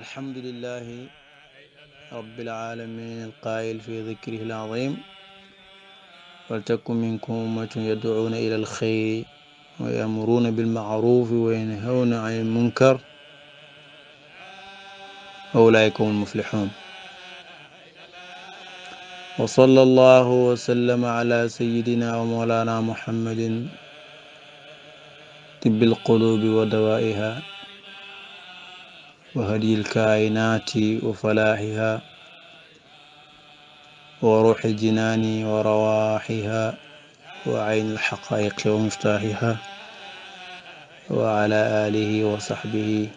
الحمد لله رب العالمين القائل في ذكره العظيم ولتكن منكم أمة يدعون إلى الخير ويأمرون بالمعروف وينهون عن المنكر أولئك هم المفلحون وصلى الله وسلم على سيدنا ومولانا محمد طب القلوب ودوائها وهدي الكائنات وفلاحها وروح الجنان ورواحها وعين الحقائق ومفتاحها وعلى آله وصحبه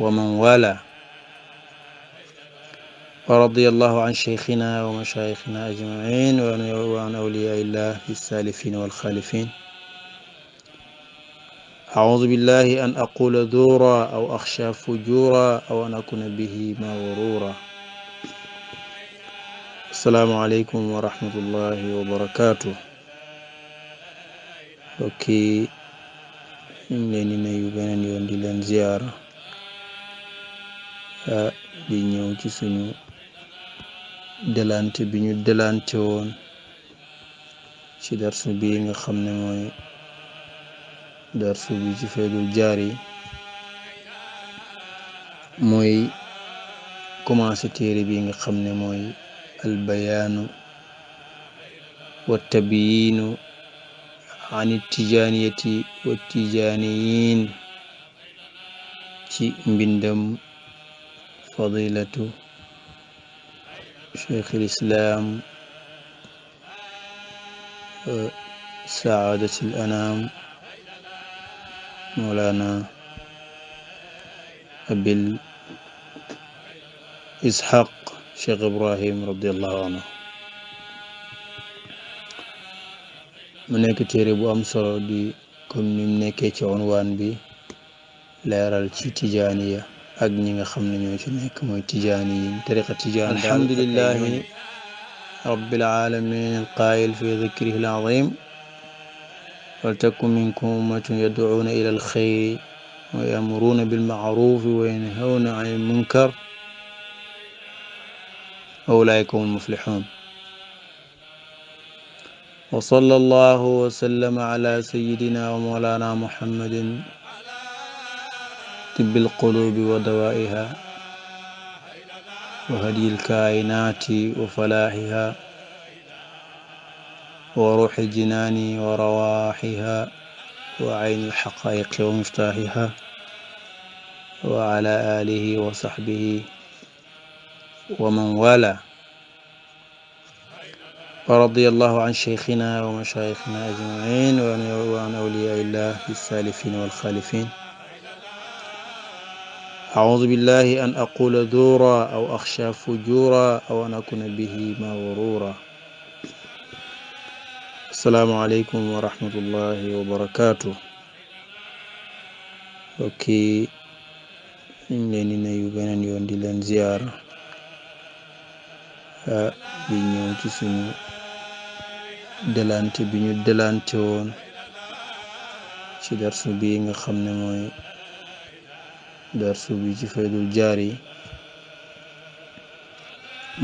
ومن والاه ورضي الله عن شيخنا ومشايخنا أجمعين وعن أولياء الله السالفين والخالفين أعوذ بالله أن أقول دورا أو أخشى فجورا أو أن أكون به مغرورا السلام عليكم ورحمة الله وبركاته أوكي لأننا يبين أن يوندي لن زيارة بنيو تسنو دلانت بنيو دلانتون شدرس بيين خمنا موي darsu bi ci Faydul Jaari mooy commencé téere bi nga xam ne mooy albayaanu wa tabiyiinu an tijaaniyati wa tijaaniyiin ci mbindam fadilatu cheikh lislaam saadatil anaam مولانا أبي إسحاق شيخ إبراهيم رضي الله عنه منك تيربو أمسر دي كم نمنك تيونوان بي ليرال تي تيجانية أك نيغا خمنا نيوشنك موي تيجاني طريقة تيجان الحمد لله رب العالمين القائل في ذكره العظيم ولتكن منكم أمة يدعون إلى الخير ويأمرون بالمعروف وينهون عن المنكر أولئك هم المفلحون وصلى الله وسلم على سيدنا ومولانا محمد طب القلوب ودوائها وهدي الكائنات وفلاحها وروح الجنان ورواحها وعين الحقائق ومفتاحها وعلى آله وصحبه ومن والاه ورضي الله عن شيخنا ومشايخنا أجمعين وعن أولياء الله السالفين والخالفين أعوذ بالله أن أقول دورا أو أخشى فجورا أو أن أكون به مغرورا asalaamualeykum wa rahmatullahi wa barakaatu okki ñu leen di nuyu beneen yoon di leen ziyaar di ci suñu delante bi ñu delante woon ci darsu bi nga xam ne mooy darsu bi ci faydul jaari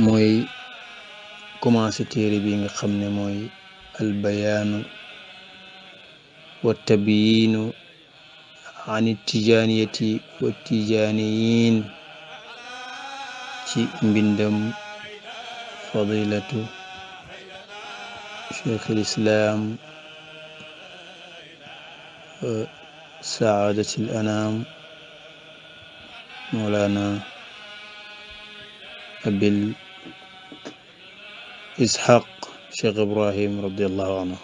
mooy commencé téere bi nga xam ne mooy البيان والتبيين عن التجانية والتجانيين بندم فضيلة شيخ الإسلام سعادة الأنام مولانا أبي إسحاق Cheikh Ibrahim radiallahu anhu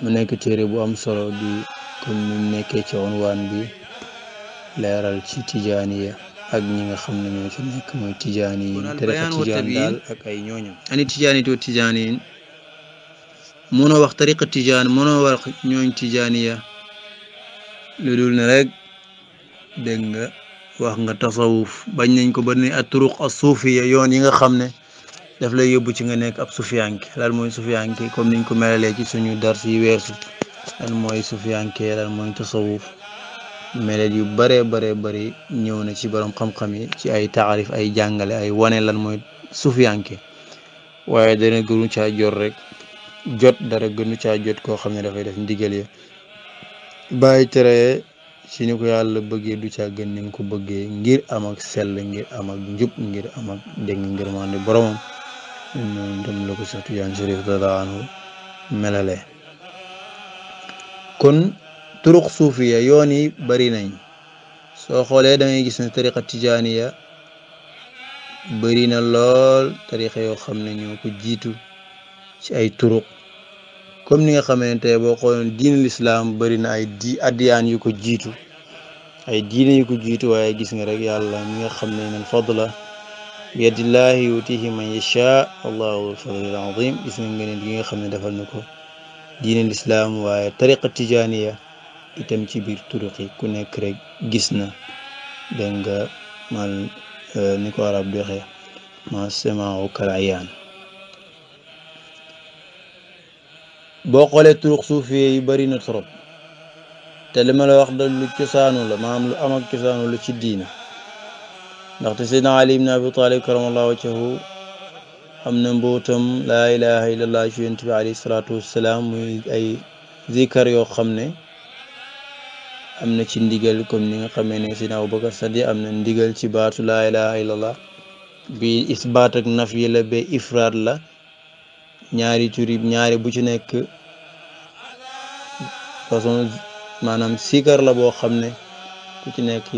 mu nekk téere bu am solo di comme ni mu nekkee ci onwaan bi leeral ci tijaaniya ak ñi nga xam ne ñoo ci nekk mooy tijaani yi tarixa tijaan daal ak ay ñooñam ani tijaani to tijaani yi mënoo wax tariqa tijaan mënoo wax ñooñ tijaaniya lu dul ne rek dégg nga wax nga tasawuf bañ nañ ko ba ni at turuq as suufiya yoon yi nga xam ne daf lay yóbbu ci nga nekk ab sufiyanke lan mooy sufiyanke comme niñ ko melalee ci suñu dars yi weesu lan mooy sufiyanke lan mooy tasawuf melet yu bare bare bari ñëw na ci borom xam-xam yi ci ay taarif ay jàngale ay wane lan mooy sufiyanke waaye dana gënu caa jot rek jot dara gënu caa jot koo xam ne dafay def ndigal ya bàyyi tere ci ni ko yàlla bëggee du ca gën ni ko bëggee ngir am ak sell ngir amak njub ngir am ak dégg ngërmande boromam moom itam la ko Seex Tijaan Chérif radiyallaahu anhu melale kon turuq suufiya yoon yi bari nañ soo xoolee da gis ne tariqa tijaaniya bari na lool tariqa yoo xam ne ñoo ko jiitu ci ay turuq comme ni nga xamante ne boo xoolee diine lislaam bëri na ay di addiyaan yu ko jiitu ay diine yu ko jiitu waaye gis nga rek yàlla mi nga xam ne nal fadla bi yadillahi yutihi man yasha allahu alfadlul azim gis nga ngeneen gi nga xam ne defal na ko diine waaye tariqa tijaaniya itam ci biir turuqi ku nekk rek gis na dégg nga euh, ni ko arab doxee ma sema kal ayaan boo xoolee turuq suufiyee yi bari na trop te li ma la wax da lu la maanaam lu am ak cosaanu la ci diina ndaxte seydna ali ibn abi talib karamallahu wajhahu am na mbootam laa ilaha illallah ci yonent bi alayhi salaatu wassalaam ay zikar yoo xam ne am na ci ndigal comme ni nga xamee ne seydna abubakar sadi am na ndigal ci baatu laa ilaha illallah bi isbaat naf yi la ba ifraat la ñaari tur yi ñaari bu ci nekk façon maanaam sikar la boo xam ne ku ci nekk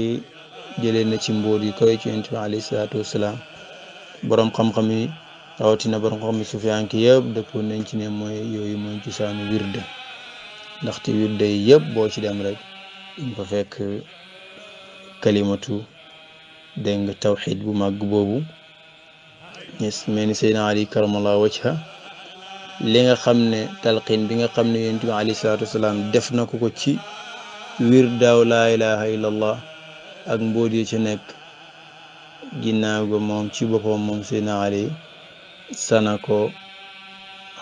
jëlee na ci mbóot yi koy ci yonent bi alayhi salaatu wasalaam xam-xam yi rawatina borom xam-xam yi sufiyanki yëpp dëppoon nañ ci ne mooy yooyu mooy cosaanu wirde ndaxte wirde yi yëpp boo ci dem rek ñu ko fekk kalimatu dégg nga tawxid bu màgg boobu ñes mel ni Seydina Ali karamallahu li nga xam ne talqin bi nga xam ne yonent bi alayhi salaatu wasalaam def na ko ko ci wir daaw la ilaha illallah ak mbóot yi ci nekk ginnaaw ga moom ci boppam moom Seydina Ali sana ko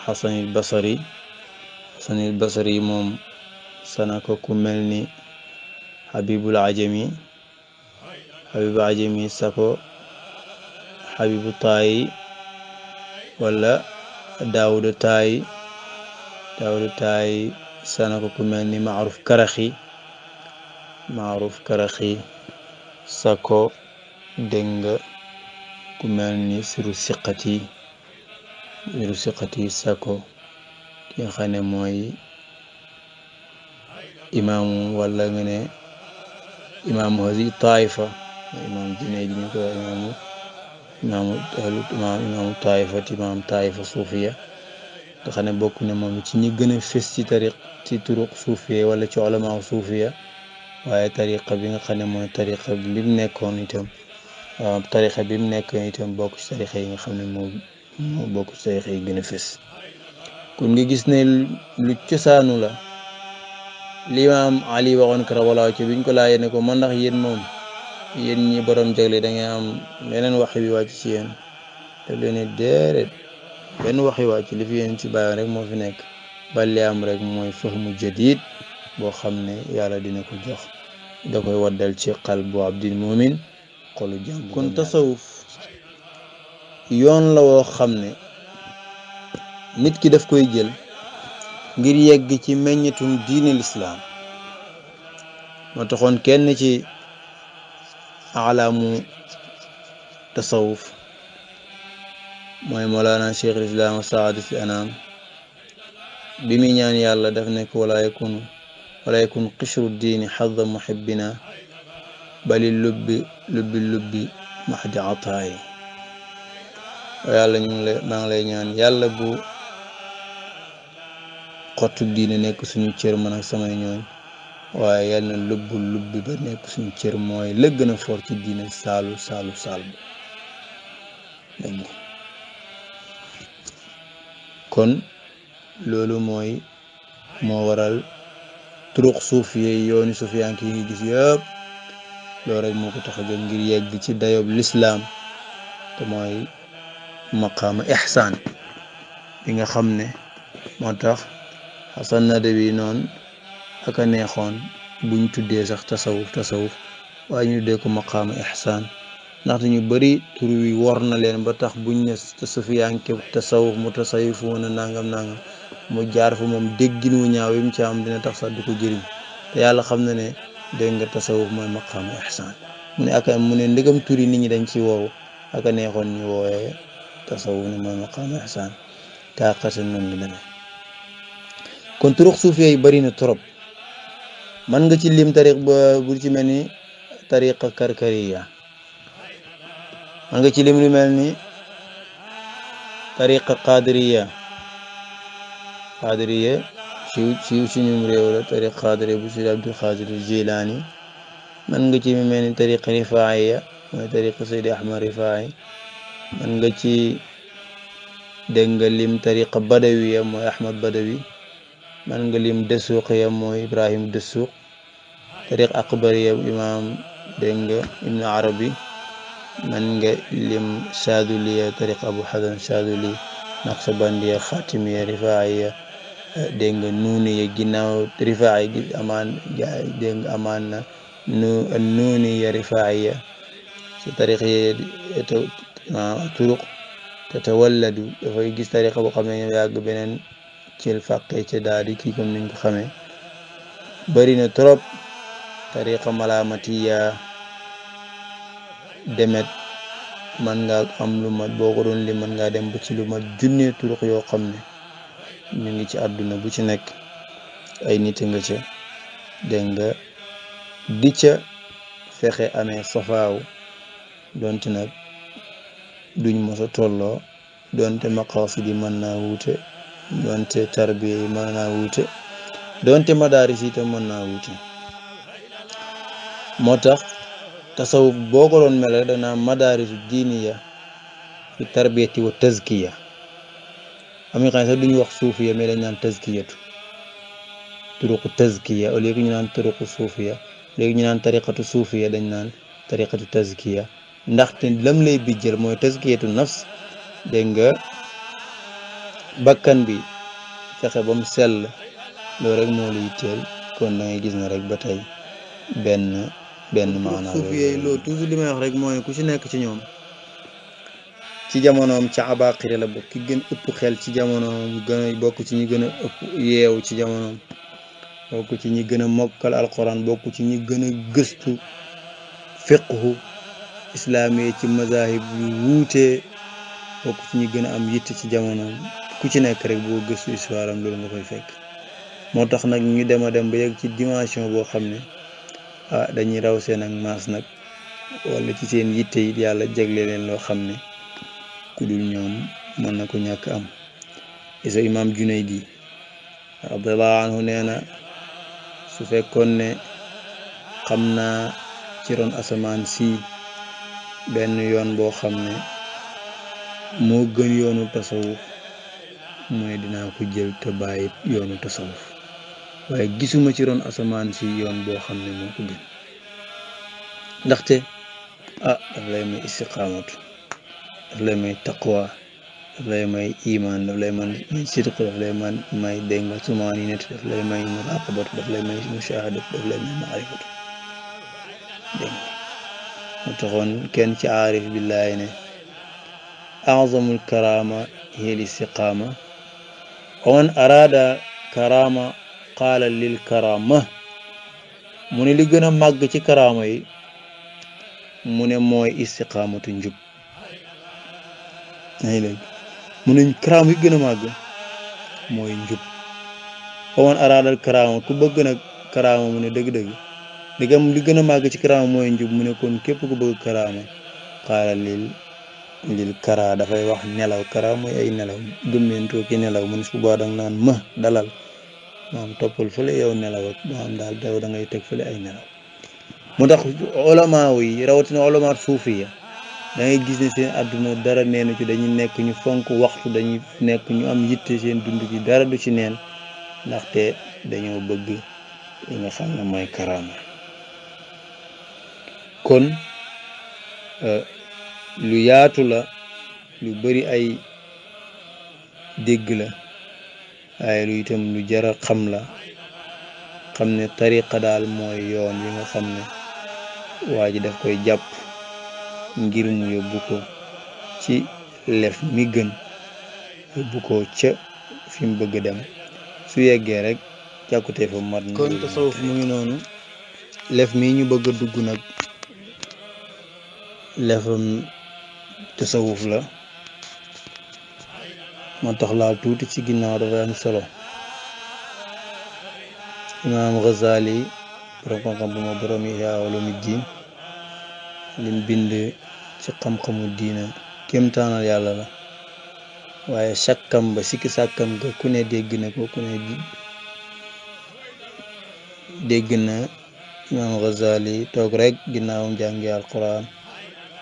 xasanil basari xasanil basari moom sana ko ku mel ni xabibul ajami xabibu ajami sako ko taayi wala daawuda taay daawuda taay sana ku mel ni maaruf karaxi maaruf karaxi sako dégg ku mel ni siru siqati siru siqati sako ki nga xam ne imaamu wala nga imaamu hazi taifa imaamu junayd ñu ko imaamu imaamu ahlu imaam imaamu taayifa imaam taayifa suufiya nga xam ne bokk na moom ci ñi gën a fës ci tariq ci turuq suufiya wala ci olamaa suufiya waaye tariqa bi nga xam ne mooy tariqa bi mu nekkoon itam waaw tariqa bi mu nekkoon itam bokk ci tariqa yi nga xam ne moo moo bokk ci tariqa yi gën a fës kon nga gis ne lu cosaanu la limaam Ali waxoon ko rawalaaw ci biñ ko laajee ne ko man ndax yéen moom yéen ñi borom jagle da ngeen am yeneen wax yu wàcc ci yéen daf leen ne benn wax yu wàcc li fi yéen ci bàyyoon rek moo fi nekk bàlli am rek mooy fahmu jadid boo xam ne yàlla dina ko jox da koy waddal ci xal bu abdil mumin xolu jàng kon tasawuf yoon la woo xam ne nit ki daf koy jël ngir yegg ci meññitum diinil islaam moo taxoon kenn ci alaamu tasawuf mooy molaana cheikh al islam wa saadi fi anaam bi mu ñaan yàlla daf nekk wala yakun wala yakun qishru diini xadda muhibbina bali lubbi lubbi lubbi maxdi ataayi yàlla ñu ngi lay maa ngi lay ñaan yàlla bu xottu diine nekk suñu cër man ak samay ñooñ waaye yal na lubbu ba nekk suñ cër mooy la gën a for ci diine saalu saalu saal dégg kon loolu mooy moo waral turuq suuf yi yooni suufiyank yi ngi gis yëpp loolu rek moo ko tax a jóg ngir yegg ci dayob lislaam te mooy maqaama ihsaan bi nga xam ne moo tax xasan nadawi noonu ak a neexoon buñ tuddee sax tasawuf tasawuf waaye ñu tuddee ko maqaamu ihsaan ndaxte ñu bëri tur wi wor na leen ba tax buñ ne sufiyanke tasawuf mu tasawifoon a nangam nangam mu jaar fa moom déggin wu ñaaw yi mu ci am dina tax sax du ko jëriñ te yàlla xam na ne dégg nga tasawuf mooy maqaamu ihsaan mu ne ak mu ne ndegam tur yi ñi dañ ci woowu ak neexoon ñu woowee tasawuf ne mooy maqaamu ihsaan kaa xase noonu la demee kon turux suufiya yi bëri trop. man nga ci lim tariq ba bu ci mel ni tariqa karkariya mën nga ci lim lu mel ni tariqa qadiriya qadiriya si siiw suñum réew la tariqa qadiriya bu si abdul qadir jilaani mën nga ci mel ni tariqa rifaiya mooy tariqa saydi ahmad rifai mën nga ci dégg nga lim tariqa badawiya mooy ahmad badawi man nga lim dëssuqi yam mooy ibrahim dëssuq tariq akbari yam imam ibnu arabi man nga lim saaduli ya tariq abu xasan saaduli naqsabandiya xatimiya rifaiya dégg nga nuuni ya ginnaaw rifai gi amaan dégg nga amaan na nu tariq yi ah, turuq tatawalladu dafay beneen cil fàqe ca daadi kii comme niñ ko xamee bari na trop tariqa malaamatiya demet man nga am lu mat boo ko doon li mën ngaa dem ba ci lu mat junnee turuq yoo xam ne ñu ngi ci àdduna bu ci nekk ay nit nga ci dégg nga di ca fexe amee safaaw donte nag duñ mos a tolloo donte maqaasidi mën naa wuute donte tarbiya yi mën naa wuute donte madaaris itam mën naa wuute moo tax tasawuf boo ko doon mel madaris madaarisu diiniya fi tarbiyati wa tazkiya am na xam ne sax duñu wax suufiya mais dañ naan tazkiyatu turuqu tazkiya au lieu que ñu naan turuqu suufiya léegi ñu naan tariqatu suufiya dañ naan tariqatu tazkiya ndaxte lam lay bijjël mooy tazkiyatu nafs dégg nga bakkan bi fexe ba mu sell loolu rek moo lu yitteel kon da ngay gis ne rek ba tey benn benn maanaam suuf yooyu loolu toujours rek mooy ku ci nekk ci ñoom ci jamonoom ca abaqire la bokk ki gën ëpp xel ci jamonoom bokk ci ñi gën a ëpp yeewu ci jamonoom bokk ci ñi gën a mokkal alquran bokk ci ñi gën a gëstu fiqhu islaami ci mazahib yu wuutee bokk ci ñi gën a am yitt ci jamonoom ku ci nekk rek boo gëstu histoire am loolu nga fekk moo tax nag ñu dem a dem ba yegg ci dimension boo xam ne ah dañuy raw seen ak maas nag wala ci seen yitte it yàlla jagle leen loo xam ne ku ñoom mën na ko ñakk am isa imam Junaydi radiyallahu anhu nee na su fekkoon ne xam naa ci ron asamaan si benn yoon boo xam ne moo gën yoonu tasawuf moy dina ko jël te baye yoonu tasawuf waye gisuma ci ron asaman ci yoon bo xamne mo ko gën ndaxte ah daf lay may istiqamat daf lay may taqwa daf lay may iman daf lay may sidq daf lay may may dégg nga net daf lay may muraqabatu daf lay may mushaahadatu daf lay may maarifatu dégg كان mu بالله أعظم الكرامة هي الاستقامة on arada karama qaala lil karama mu ne li gën a màgg ci karama yi mu ne mooy istiqaamatu njub ay léegi mu ne màgg mooy njub on araadal karama ku bëgg nag karama mu ne dëgg li gën a màgg ci karama mooy njub mu ne kon képp ku bëgg karama qaala lil lil kara dafay wax nelaw kara mooy ay nelaw gëmmentoo ki nelaw mun su boobaa danga naan ma dalal maam toppal fële yow nelaw ak maam daal daw da ngay teg fële ay nelaw mu tax olamaa yi rawatina olamaa suufiya da ngay gis ne seen àdduna dara neenu ci dañuy nekk ñu fonk waxtu dañuy nekk ñu am yitte seen dund gi dara du ci neen ndaxte dañoo bëgg li nga xam ne mooy karaama kon euh, lu yaatu la lu bari ay dégg la waaye lu itam lu jara xam la xam ne tariqa daal mooy yoon yi nga xam ne waa ji daf koy jàpp ngir yóbbu ko ci lef mi gën yóbbu ko ca fi bëgg dem su yeggee rek jàkkutee fa mat kon mu ngi noonu lef mi ñu bëgg dugg nag lefam tasawuf la moo tax laal tuuti ci ginnaaw dafay am solo imaam Ghazali borom xam-xam bu ma borom Ihya Ulumuddin lim bind ci xam-xamu diina kéemtaanal yàlla la waaye sàkkam ba sikki sàkkam ga ku ne dégg ko ku ne imaam Ghazali toog rek ginnaawam jàngi alquran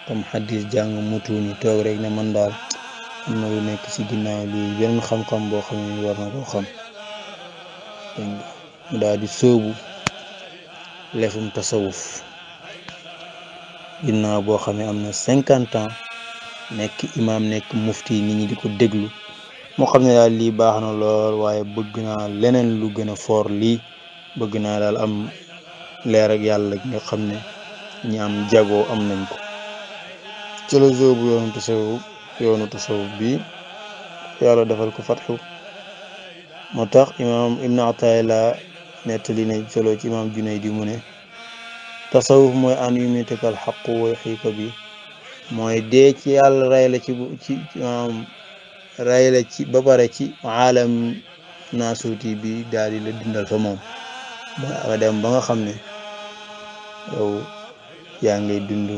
tam xadis jàng mutuuni toog rek ne man daal am na lu nekk ci ginnaaw bi beneen xam-xam boo xam ne war na koo xam daal di sóobu lefum tasawuf ginnaaw boo xam ne am cinquante ans nekk imaam nekk mufti nit ñi di ko déglu moo xam ne daal lii baax na lool waaye bëgg naa leneen lu gën a foor lii bëgg naa daal am leer ak yàlla nga xam ne ñi am jagoo am nañ ko ci la sóobu yoonu tasawuf yoonu tasawuf bi yàlla defal ko fatxu moo tax imaam ibnu ataayla nettali ne solo ci imaam junay di mu ne tasawuf mooy an yu mitikal xaqu way xiika bi mooy dee ci yàlla rey ci ci ci ba pare ci bi daal la dundal fa moom mooy ak xam ne yow yaa ngay dund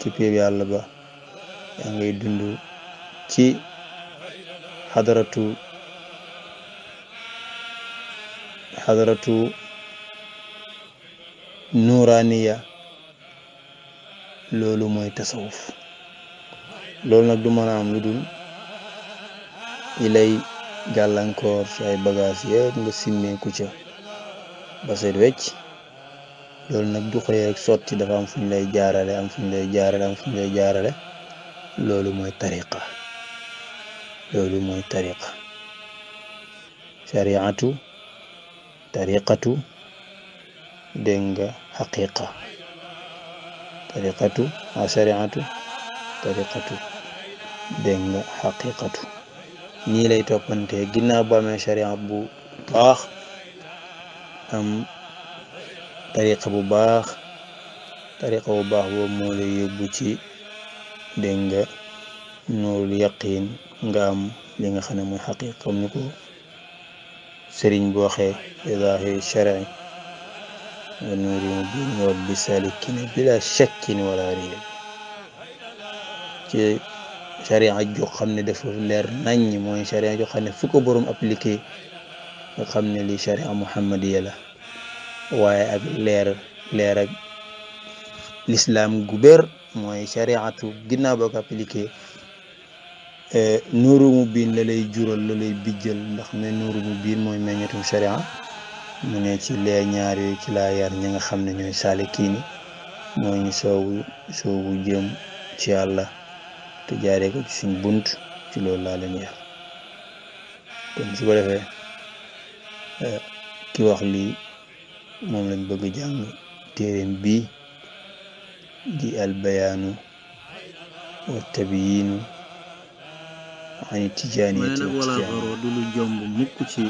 ci péeb yàlla ba yaa ngay dundu ci xadaratu xadaratu nuuraaniya loolu mooy tasawuf loolu nag du mën a am lu dul yi lay gàllankoor ci ay nga simmee ku ca ba seet loolu nag du xëy rek sotti dafa am fuñ lay jaarale am fuñ lay jaarale am fuñ jaarale loolu mooy tariqa loolu mooy tariqa shariatu tariqatu dégg nga xaqiqa tariqatu a shariatu tariqatu nii lay toppante ginnaaw ba amee bu baax am tariqa bu baax tariqa bu baax boobu moo lay yóbbu ci dégg nga nuurul yaqiin nga am li nga xam ne mooy xaqiqa comme ni ko sëriñ bu waxee idahi sharci wa nuuri mubiin rabbi bila shakkin wala riya ci sharia ju xam ne dafa leer naññ mooy sharia ju xam ne fu ko borom appliqué nga xam ne li sharia muhammadiya la waaye ak leer leer ak lislaam gu mooy shariatu ginnaaw boo ko appliqué eh, nuuru mu biin la lay jural la lay bijjal ndax ne nuuru mu biin mooy meññetum sharia mu ne ci lee ñaar yooyu ci laa yar ñi nga xam ne ñooy saalikiini mooy ñu soowu soowu jëm ci yàlla te jaaree ko ci suñ bunt ci loolu laa leen yar kon su ko defee eh, ki wax lii moom lañ bëgg jàng téeréem bii di albayaanu wa tabiyiinu ani tijaaniyati wala xaro du lu jomb mukk ci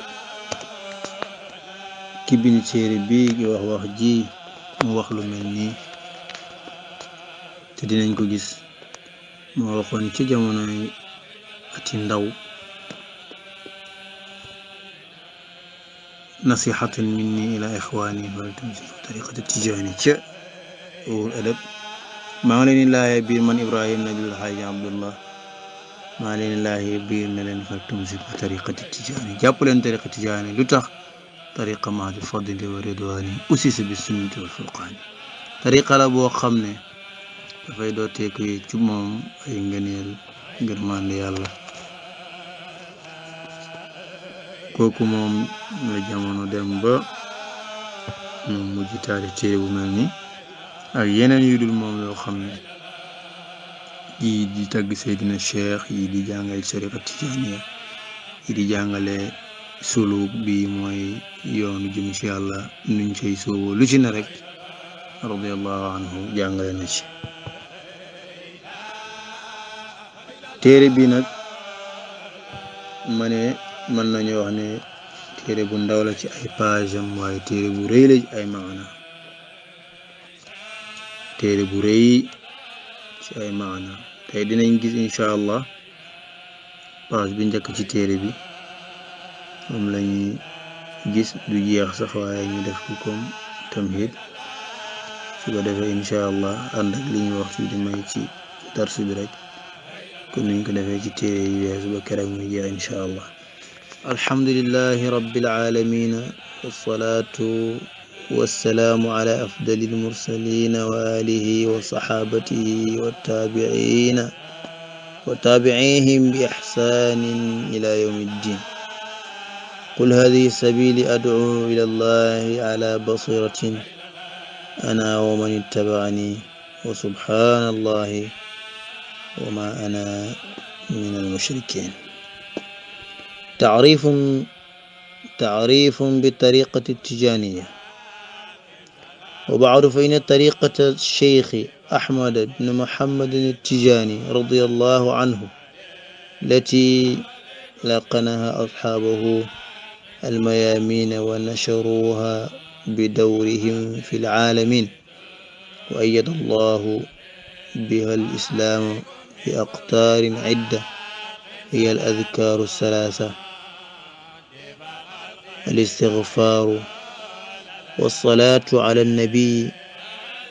ki bind téere bii lu mel nii te dinañ ko gis moo waxoon ci ndaw nasihatun minni ila ixwaani tariqati tijaani ca wul adab maa ngi leen di laajee biir man Ibrahima Nabil Haaji Abdullah maa ngi leen di laajee biir ne leen fa tumsiku tariqati tijaani jàpp leen tariqa tijaani lu tax tariqa maa di fadli wa ridwaani usisa bi wal furqaani tariqa la boo xam ne dafay dooteeku ci moom ay ngëneel ngërmande yàlla. kooku moom la jamono dem ba moom mujj taali téere bu mel ni ak yeneen yu dul moom yoo xam ne yii di tagg Seydina Cheikh yi di jàngale tariqa jàngale suluk bi mooy yoonu jëm ci yàlla nuñ cay sooboo lu ci ne rek radiallahu anhu jàngale na ci téere bi nag ma ne mën nañu wax ne bu ndaw la ci ay page am waaye téere bu rëy la ci ay maana téere bu rëy ci ay maana tey dinañ gis incha allah page bi njëkk ci téere bi moom lañuy gis du jeex sax waaye ñu def ko comme tamhid su ko defee incha allah ànd ak li ñu wax ci di may ci darsu bi rek kon niñ ko defee ci téere yi weesu ba keroog muy jeex incha allah الحمد لله رب العالمين والصلاة والسلام على أفضل المرسلين وآله وصحابته والتابعين وتابعيهم بإحسان إلى يوم الدين قل هذه سبيلي أدعو إلى الله على بصيرة أنا ومن اتبعني وسبحان الله وما أنا من المشركين تعريف تعريف بالطريقة التجانية وبعد فإن طريقة الشيخ أحمد بن محمد التجاني رضي الله عنه التي لقنها أصحابه الميامين ونشروها بدورهم في العالمين وأيد الله بها الإسلام في أقطار عدة هي الأذكار الثلاثة الاستغفار والصلاة على النبي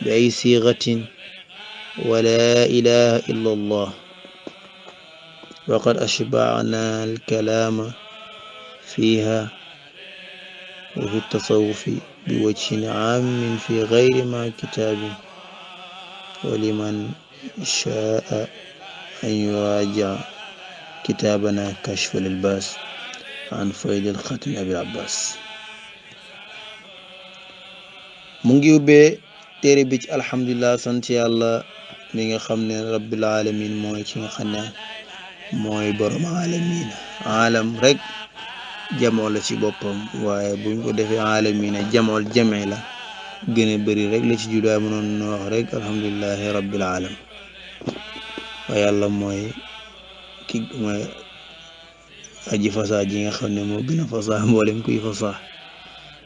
بأي صيغة ولا إله إلا الله وقد أشبعنا الكلام فيها وفي التصوف بوجه عام في غير ما كتاب ولمن شاء أن يراجع كتابنا كشف الباس an faydil xatmi abil abbas mu ngi ubbee téere bi ci alhamdulilah sant yàlla mi nga xam ne rabbil mooy ci nga xam ne mooy borom alamin alam rek jamoo la ci boppam waaye buñ ko defee alamina jamool jamee la gën a bëri rek la ci judaay mënoon na wax mooy ki mooy aji fasaa ji nga xam ne moo gën a fasaa mboolem kuy fasaa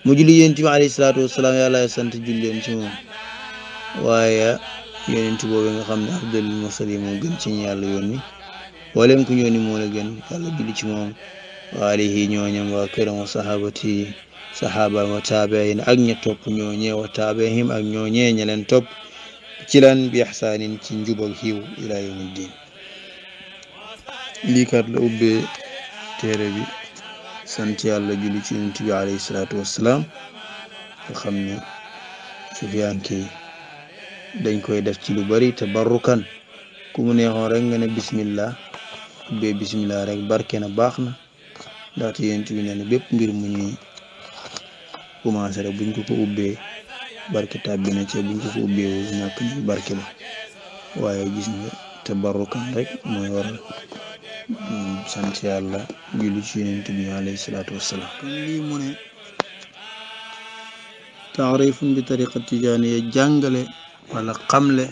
mu julli yonent bi alayhi salaatu wasalaam yàlla sant julleen ci moom waaye yonent boobu nga xam ne abdul mursali moo gën ci ñu yàlla yónni mboolem ku ñooni moo la gën yàlla julli ci moom wa alihi ñooñam waa këram wa sahabati sahabaam wa taabiin ak ña topp ñooñee wa taabiihim ak ñooñee ña leen topp ci lan bi ihsaanin ci njub ak xiiw ilaa yawmi diin lii kat la ubbee téere bi sant yàlla julli ci yonent bi alayhi salatu wassalaam nga xam ne sufiyanke yi dañ koy def ci lu bari te ku mu neexoon rek nga ne bismillah ubbee bismillah rek barke na baax na ndaxte yonent bi nee na bépp mbir mu ñuy commencé rek buñ ko ko ubbee barke tàbbi na ca buñ ko ko ubbee wu ñàkk ñu barke la waaye gis nga te rek mooy waral Hmm, sant yàlla julli ci yonent bi alayhi salaatu wassalaam kon lii mu bi tariqa tijaaniya jàngale wala xamle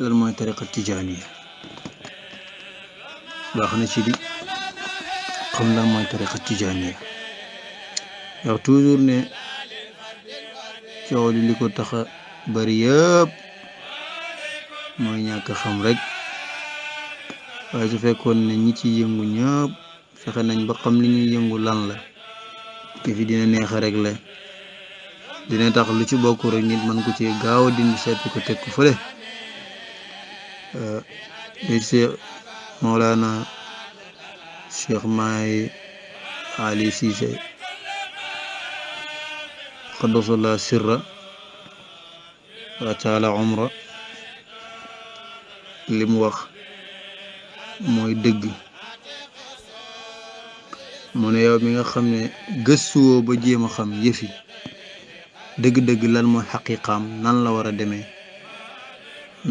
lan mooy tariqa tijaaniya baax na ci di xam lan tariqa tijaaniya yow toujours ne coow li li ko bari yëpp mooy ñàkk xam rek waaye su fekkoon ne ñi ci yëngu ñëpp fexe nañ ba xam li ñuy yëngu lan la fi dina neex a régler dina tax lu ci bokk rek nit mën ko ci gaaw a dindi ko teg ko fële li euh, si Mawlana Cheikh Maay Ali Cissé qaddasallaa sirra wa umra li wax mooy dëgg mu ne yow mi nga xam ne gëstuwoo ba jéem a xam yëfi dëgg-dëgg lan mooy xaqiqaam nan la war a demee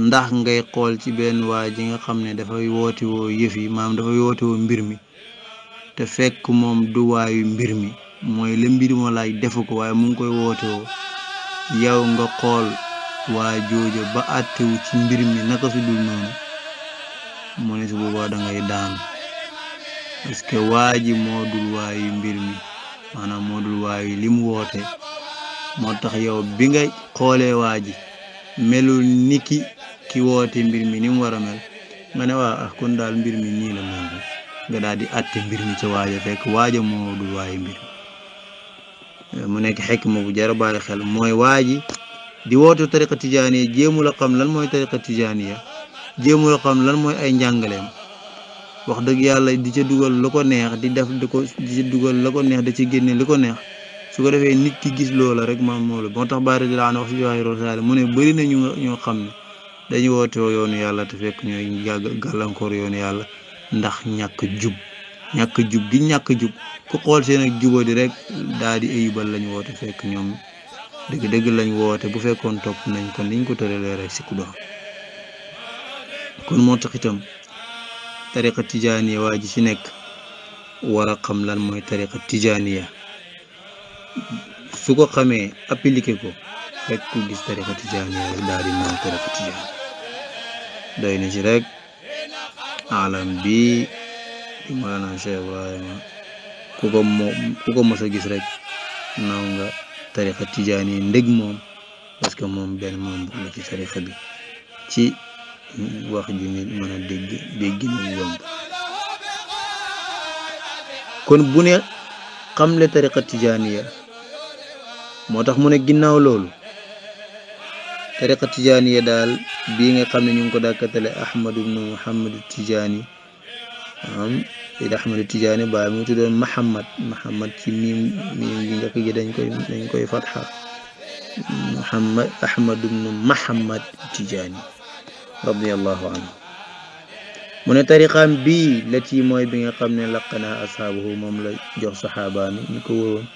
ndax ngay xool ci benn waa ji nga xam ne dafay woote woo yëf yi maanaam dafay woote mbir mi te fekk moom du waayu mbir mi mooy la mbir ma laaj defu ko waaye mu ngi koy woote woo yow nga xool waa joojo ba àttewu ci mbir mi naka su noonu mu ne su boobaa da ngay daanu parce que waa ji moo dul waayu mbir mi maanaam moo dul waayu li mu woote moo tax yow bi nga xoolee waa ji melul ni ki ki woote mbir mi ni mu war a mel nga ne waa ah, kon daal mbir mi nii la mel nga daal di atte mbir mi ca waajo fekk waajo moo dul waayu mbir mi eh, mu nekk xekk ma bu jar a xel mooy waa ji di woote tariqa tijaaniya jéemul a xam lan mooy tariqa tijaaniya jéemul xam lan mooy ay njàngaleem wax dëgg yàlla di ca dugal lu ko neex di def di ko di ca dugal la ko neex di ci génne li ko neex su ko defee nit ki gis loola rek maam moo la moo tax bari di laan wax si waaye rosaale mu ne bëri na ñu ñoo xam ne dañu woote yoonu yàlla te fekk ñooy gàllankoor yoonu yàlla ndax ñàkk jub ñàkk jub gi ñàkk jub ku xool seen ak jubadi rek daal di ayibal lañ woote fekk ñoom dëgg-dëgg lañu woote bu fekkoon topp nañ kon niñ ko tëralee rek si ku dox kon mo tax itam tariqa tijaniya waji ci nek wara xam lan mooy tariqa tijaniya su ko xamee appliqué ko rek ku gis tariqa tijaniya rek di naan tariqa tijaaniya doy na ci rek alam bi di maanaam Cheikh Ibrahima ku ko mo ku ko mos gis rek naw nga tariqa tijaniya ndeg mom parce que mom ben mom bu ci tariqa bi ci wax ji ni mëna dégg dégg ni yom kon bu ne le tariqa tijaniya motax mu ne ginnaw lool tariqa tijaniya dal bi nga xam ni ñu ko dàkkatale ahmad ibn muhammad tijani am sayd ahmad tijani ba mu tudon muhammad muhammad ci miim miim gi njëkk gi dañ koy dañ koy Fatha muhammad ahmad ibn muhammad tijani radiallahu anhu mu ne tariqaam bii la ci mooy bi nga xam ne laqanaa asxaabahu moom la jox saxaabaami ñi ko wóoroon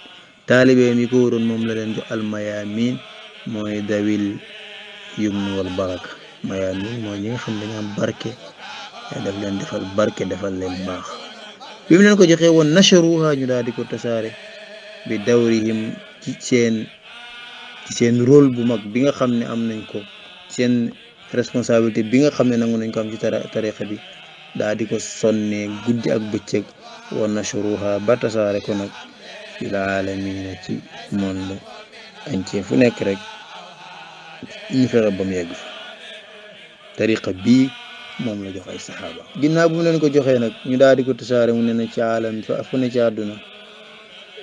taalibeen mi ko wóoroon moom la leen jox almayamin mooy dawil yumn wal baraka mooy ñi nga xam ne dañu am barke daf leen defal barke defal leen baax bi mu leen ko joxee woon nacharuha ñu daal di ko tasaare bi dawrihim ci seen ci seen rôle bu mag bi nga xam ne am nañ ko responsabilité bi nga xam ne nangu nañ ko am ci tarixa bi daa di ko sonnee guddi ak bëccëg na nashruha ba tasaare ko nag fil aalamiina ci monde entier fu nekk rek ñu fexe ba mu yegg fa tariqa bii moom la jox ay saxaaba ginnaaw bu mu leen ko joxee nag ñu daal di ko tasaare mu ne na ci aalam fa fu ne ci àdduna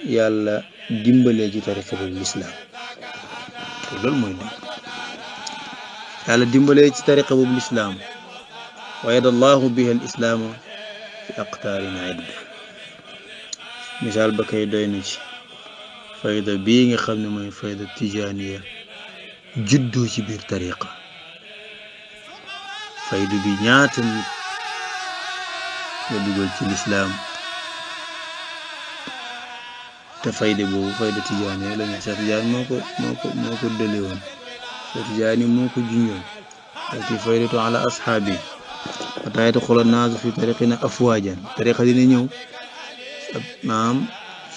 yàlla dimbalee ci tariqa bi lislaam يالا ديمبالي سي طريق بوب الاسلام ويد الله به الاسلام في اقطار عده مثال بكاي دوينا سي بيغي خامني موي فايده تجانيه جدو سي بير طريقه فايده بي نياتا نيت لا سي الاسلام تفايده بو فايده تجانيه لا نيا سي تجان موكو موكو موكو دليون Tijaani moo ko junjoon ci faydatu ala ashaabi atayatu xula naasu fi tariqina afwaajan tariqa dina ñëw maam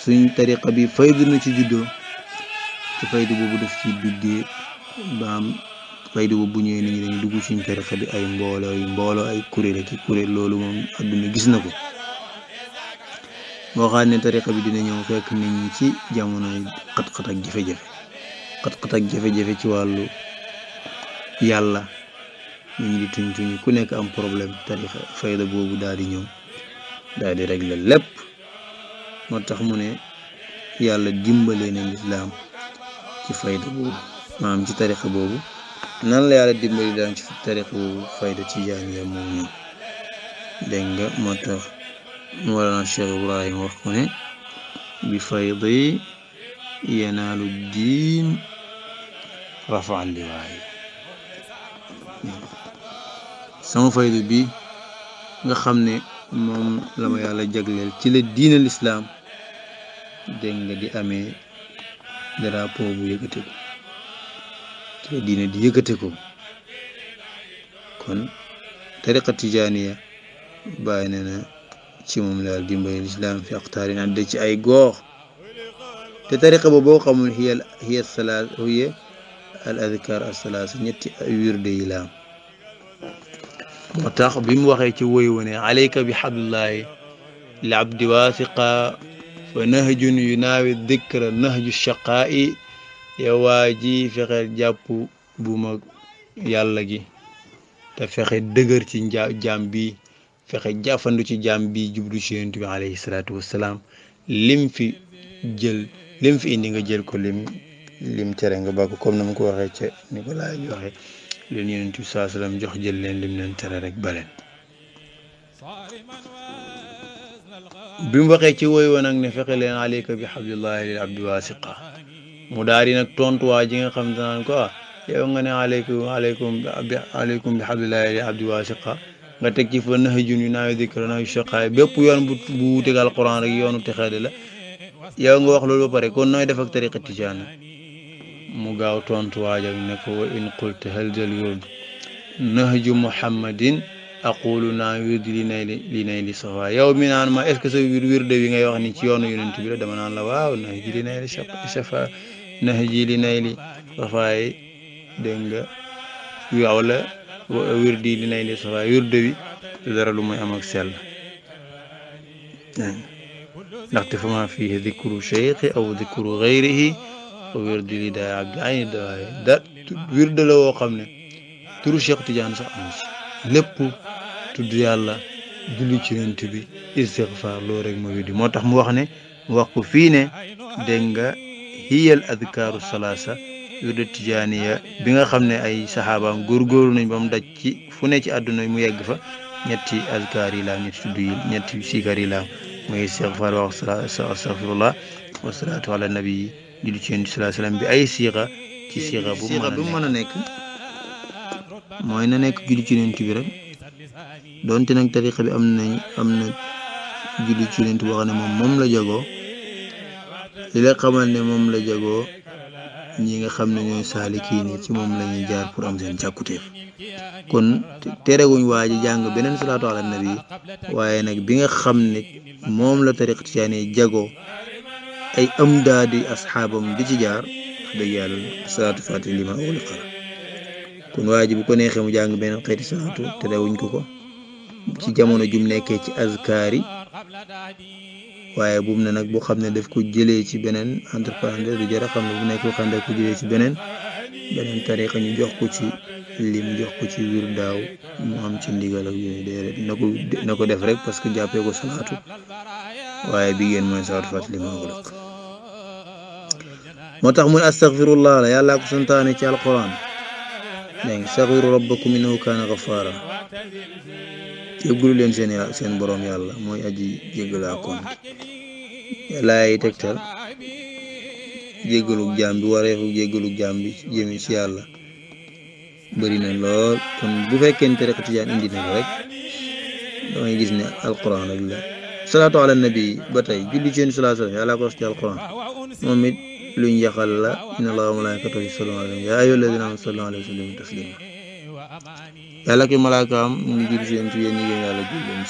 suñ tariqa bi faydu na ci juddoo ci faydu boobu daf ci duggee baam faydu boobu ñëwee nit ñi dugg suñ tariqa bi ay mbooloo yi mbooloo ay kuréel ak kuréel loolu moom adduna gis na ko moo xam ne tariqa bi dina ñëw fekk nit ñi ci jamono xat-xat ak jafe-jafe xat-xat ak jafe ci wàllu yàlla ñu di tuñ tuñ ku nekk am problème tarixa fayda boobu daal di ñëw daal di régler lépp moo tax mu ne yàlla dimbalee ne lislaam ci fayda boobu maanaam ci tarixa boobu nan la yàlla dimbali daan ci tarixa boobu fayda ci jaaniya moom ñëw dégg nga moo tax Mawlana Cheikh Ibrahim wax ku ne bi fayda yanaalu diin rafaan liwaayi sama faydu bi nga xam ni moom la ma yàlla jagleel ci la diinal islaam dégg di amee drapeau bu yëkkate ko ci la diine di yëkkate ko kon tariqa tijaaniya bàyyi ne na ci moom laal dimbali lislaam fi aqtaarin adda ci ay goox te tariqa boobu boo xamul hiya hiya salaas ñetti wirde yi laam moo tax bi mu waxee ci woy wu alayka bi xablillahi lil abdi waasiqa fa nahjun yu naawi dikra nahju shaqaa'i yow waa ji fexe jàpp bu ma yàlla gi te fexe dëgër ci jaam bi fexe jàppandu ci jaam bi jublu ci yonent bi alayhi salaatu wassalaam lim fi jël lim fi indi nga jël ko lim lim tere nga bàkk comme na mu ko waxee ca ni ko laay joxe leen yonent bi saa salaam jox jël leen lim leen tere rek baleen bi mu waxee ci woy wa nag ne fexe leen aleyka bi xablillahi lil abdi wasiqa mu daal di nag tontuwaa ji nga xam danaan ko ah, yow nga ne aleykum aleykum bi aleykum bi abdi wasiqa nga teg ci fa nax jun yu naawe dikra nax yu shaqaay bépp yoon bu wuutegal Alquran rek yoonu texeede la yow nga wax loolu ba pare kon nooy def ak tariqa mu gaaw tontu waajal ne ko wa in qulta hal zal wird nahju muhammadin aqulu naa wird li nay li nay li safa yow mi naan ma est ce que sa wird wax ni ci yoonu yonent bi la la waaw nahji li nay li safa nahji li safaay dégg nga dara lu muy am ndaxte fa maa fiihi dikru cheikhi aw dikru xayrihi fa wirdi li daay abdi ay ni la woo xam ne turu cheikh Tidiane sax amus lépp tudd yàlla julli ci yonent bi istixfaar loo rek mooy wirdi moo tax mu wax ne mu wax ko fii ne dégg nga hiyal adkaaru salaasa wirde tijaaniya bi nga xam ne ay saxaabaam góorgóorlu nañ ba mu daj ci fu ne ci àdduna mu yegg fa ñetti azkaar yi laam ñetti tudd yi ñetti siikar yi laam muy istigfaar wax astaghfirullah wa salaatu ala nabi julli ci yonent salaa bi ay siixa ci siixa bu mu mën a nekk mooy na nekk julli ci yonent bi rek doonte nag tariqa bi am nañ am na julli ci yonent boo xam ne moom moom la jagoo li la xamal ne moom la jagoo ñi nga xam ne ñooy saalikiin ci moom la ñuy jaar pour am seen kon terewuñ waa ji jàng beneen salaatu ala nabi waaye nag bi nga xam ne moom la tariqa tijaani jago ay am daadi asxaabam di ci jaar wax dëgg yàlla salaatu fati lima uliqa kon waa ji bu ko neexee mu jàng beneen xeeti salaatu terewuñ ko ko ci jamono jum nekkee ci azkaari waye bu na nak bo xam def daf ko jëlee ci benen entrepreneur du jara xam bu nekkul xam ne ko jëlee ci benen benen tariqa ñu jox ko ci lim jox ko ci wir daw mu am ci ndigal ak yoy déedéet nako nako def rek parce que jappé ko salatu waye bi ngeen mooy salaatu fat ma ko rek motax astaghfirullah la yalla ko santane ci alquran dégg saghiru saxiru rabbakum innahu kana ghafara jéggalu leen sen ya-, borom yalla moy aji jéggalaa kon laay tegtal jéggalug jaam bi wareefug jéggalug jaam bi jëmi ci yàlla bëri na lool kon bu fekkente rek tijaan indi na rek damay gis ne alquran rek la salaatu ala nabi ba tey julli ci yéen salaatu ala yàlla ko wax ci alquran moom it luñ la inna allaha wa malaikatahu yusalluna ala nabi yaa ayyuha alladina amanu sallu alayhi wa taslima yàlla ki malaakaam ñu ngi julli ci yéen ci yéen ñi gëm yàlla julli leen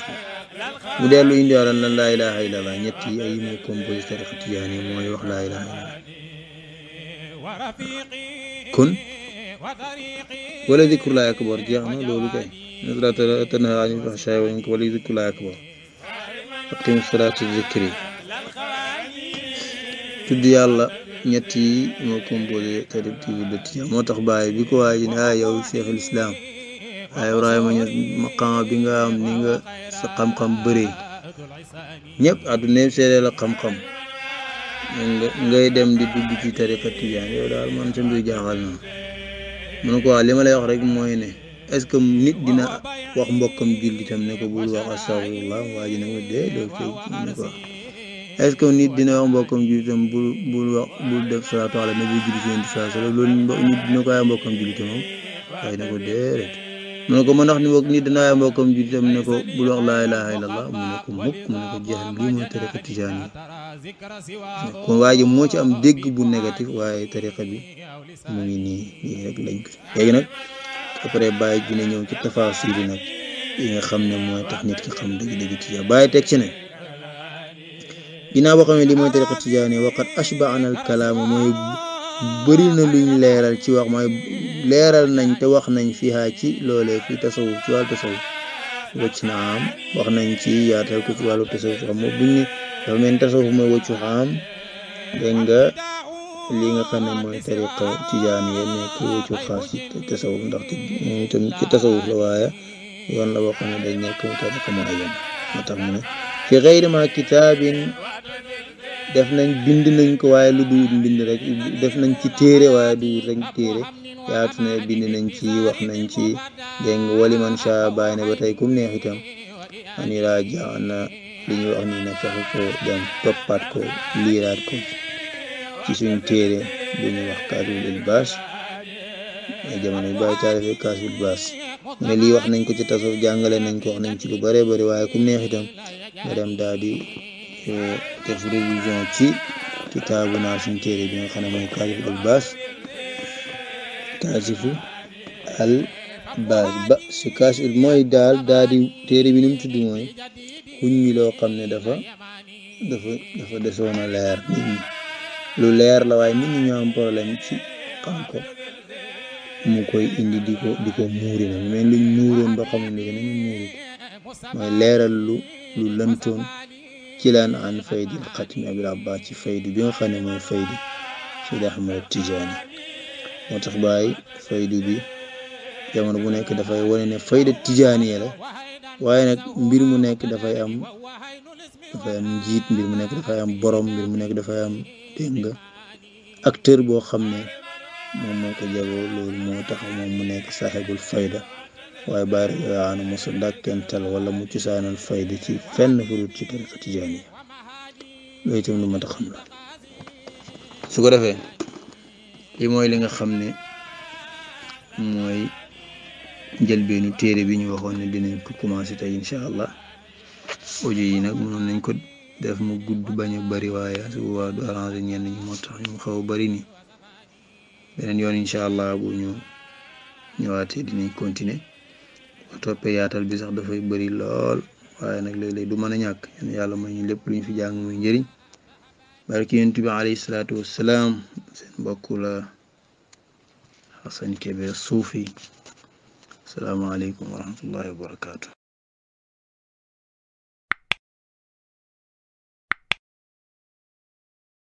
bu dee lu indiwaalan lan laa ilaha illallah ñett yi ay mooy composé tariqa tijaani mooy wax laa ilaha illallah kon wala zikrullahi akbar jeex na loolu kay nasalaata tanha anil fahshaai wal munkar wala zikrullahi akbar aqim salaata zikri tudd yàlla ñett yi moo composé tariqa tijaani moo tax bàyyi bi ko waaye ne ah yow cheikhul islam ay Ibrahima Ñas maqaama bi nga am ni nga sa xam-xam bëree ñëpp àdduna yëpp seede la xam-xam ngay dem di dugg ci tariqa tijaan yow daal man sa jaaxal na mu ko waaw li ma lay wax rek mooy ne est-ce que nit dina wax mbokkam jullitam ne ko ne ma dee loolu ne ce que nit dina wax mbokkam jullitam bul bul wax bul def salaatu ala nabi julli ci yonent saa loolu nit dina ko wax mbokkam jullitam moom waaye ne ko déedéet mu ne ko man wax ni boog nit danaa yaa mbokkam jullitam ne ko bul wax laa ilaha mu ne ko mu ne ko jeexal lii tariqa tijaan yi kon waa moo ci am dégg bu négatif waaye tariqa bi mu ngi nii nii ko léegi nag après bàyyi dina ñëw ci tafaasir yi nag yi nga xam ne mooy tax nit ki xam dëgg-dëgg tijaan bàyyi teg ci ne ginnaaw boo xam ne lii tariqa tijaan yi waqat ashbaana al kalaama mooy bëri na luñ leeral ci wax mooy leeral nañ te wax nañ fi ci loolee fi tasawuf ci wàllu tasawuf wëcc na am wax nañ ci yaatal ko ci wàllu tasawuf xam nga buñ ne dafa mel tasawuf mooy wëccu am dégg nga li nga xam ne mooy tariqa tijaan yi nekk wëccu xaas ci tasawuf ndaxte moom itam ci tasawuf la waaye yoon la boo xam ne dañ tariqa mu ayyan moo tax mu ne fi xayri ma kitaabin def nañ bind nañ ko waaye lu duwut mbind rek def nañ ci téere waaye duwut rek bind nañ ci wax nañ ci dégg nga wali man sha bàyyi na ba kum neex itam ani laa na li ñuy wax nii na fexe ko dem toppaat ko liiraat ko ci suñ téere bu wax kaasul ilbaas jamono bi bàyyi taarife kaasul baas mu lii wax nañ ko ci tasawuf jàngale nañ ko wax nañ ci lu bare bare waaye kum neex itam nga dem def révision ci kitaabu naa suñ téere bi nga xam ne mooy kaasifu al baas kaasifu al baas ba si kaasif mooy daal daal di téere bi ni mu tudd mooy xuñ ñi loo xam ne dafa dafa dafa desoon a leer lu leer la waaye nit ñi ñoo am problème ci xam ko mu koy indi di ko di ko muuri na mais luñ muuroon ba xamul ni nañu muuri mooy leeral lu lu lëntoon كلان عن فايد القتم أبي العباتي فايد بين خانم فايد سيد أحمد تجاني متخباي فايد بي يا من بناء كده فاي وين فايد تجاني يلا وين بير من كده فاي أم فاي مجيد بير من كده فاي أم برام بير من كده فاي أم دينغ أكتر بو خمنة مم كجابو لول مو تخم مم من كده صاحب الفايدة waaye bari aanu mosu tal wala mu cosaanal fayda ci fenn furut ci tariqa tijaani loolu itam lu xam la su ko defee li mooy li nga xam ne mooy njëlbeenu téere bi ñu waxoon ne dinañ ko commencé tey incha allah audio yi nag mënoon nañ ko def mu gudd bañ a bari waaye su boobaa du arrangé ñenn ñi moo tax ñu xaw a bari nii beneen yoon incha allah bu ñu ñëwaatee dinañ continuer toppe yaatal bi sax dafay bëri lool waaye nag léeg-léeg du mën a ñàkk yéen yàlla mooy ñu lépp lu ñu fi jàng muy njëriñ barki yonent bi alayhi salaatu wassalaam seen mbokk la Xasan Suufi asalaamaaleykum wa rahmatullahi wa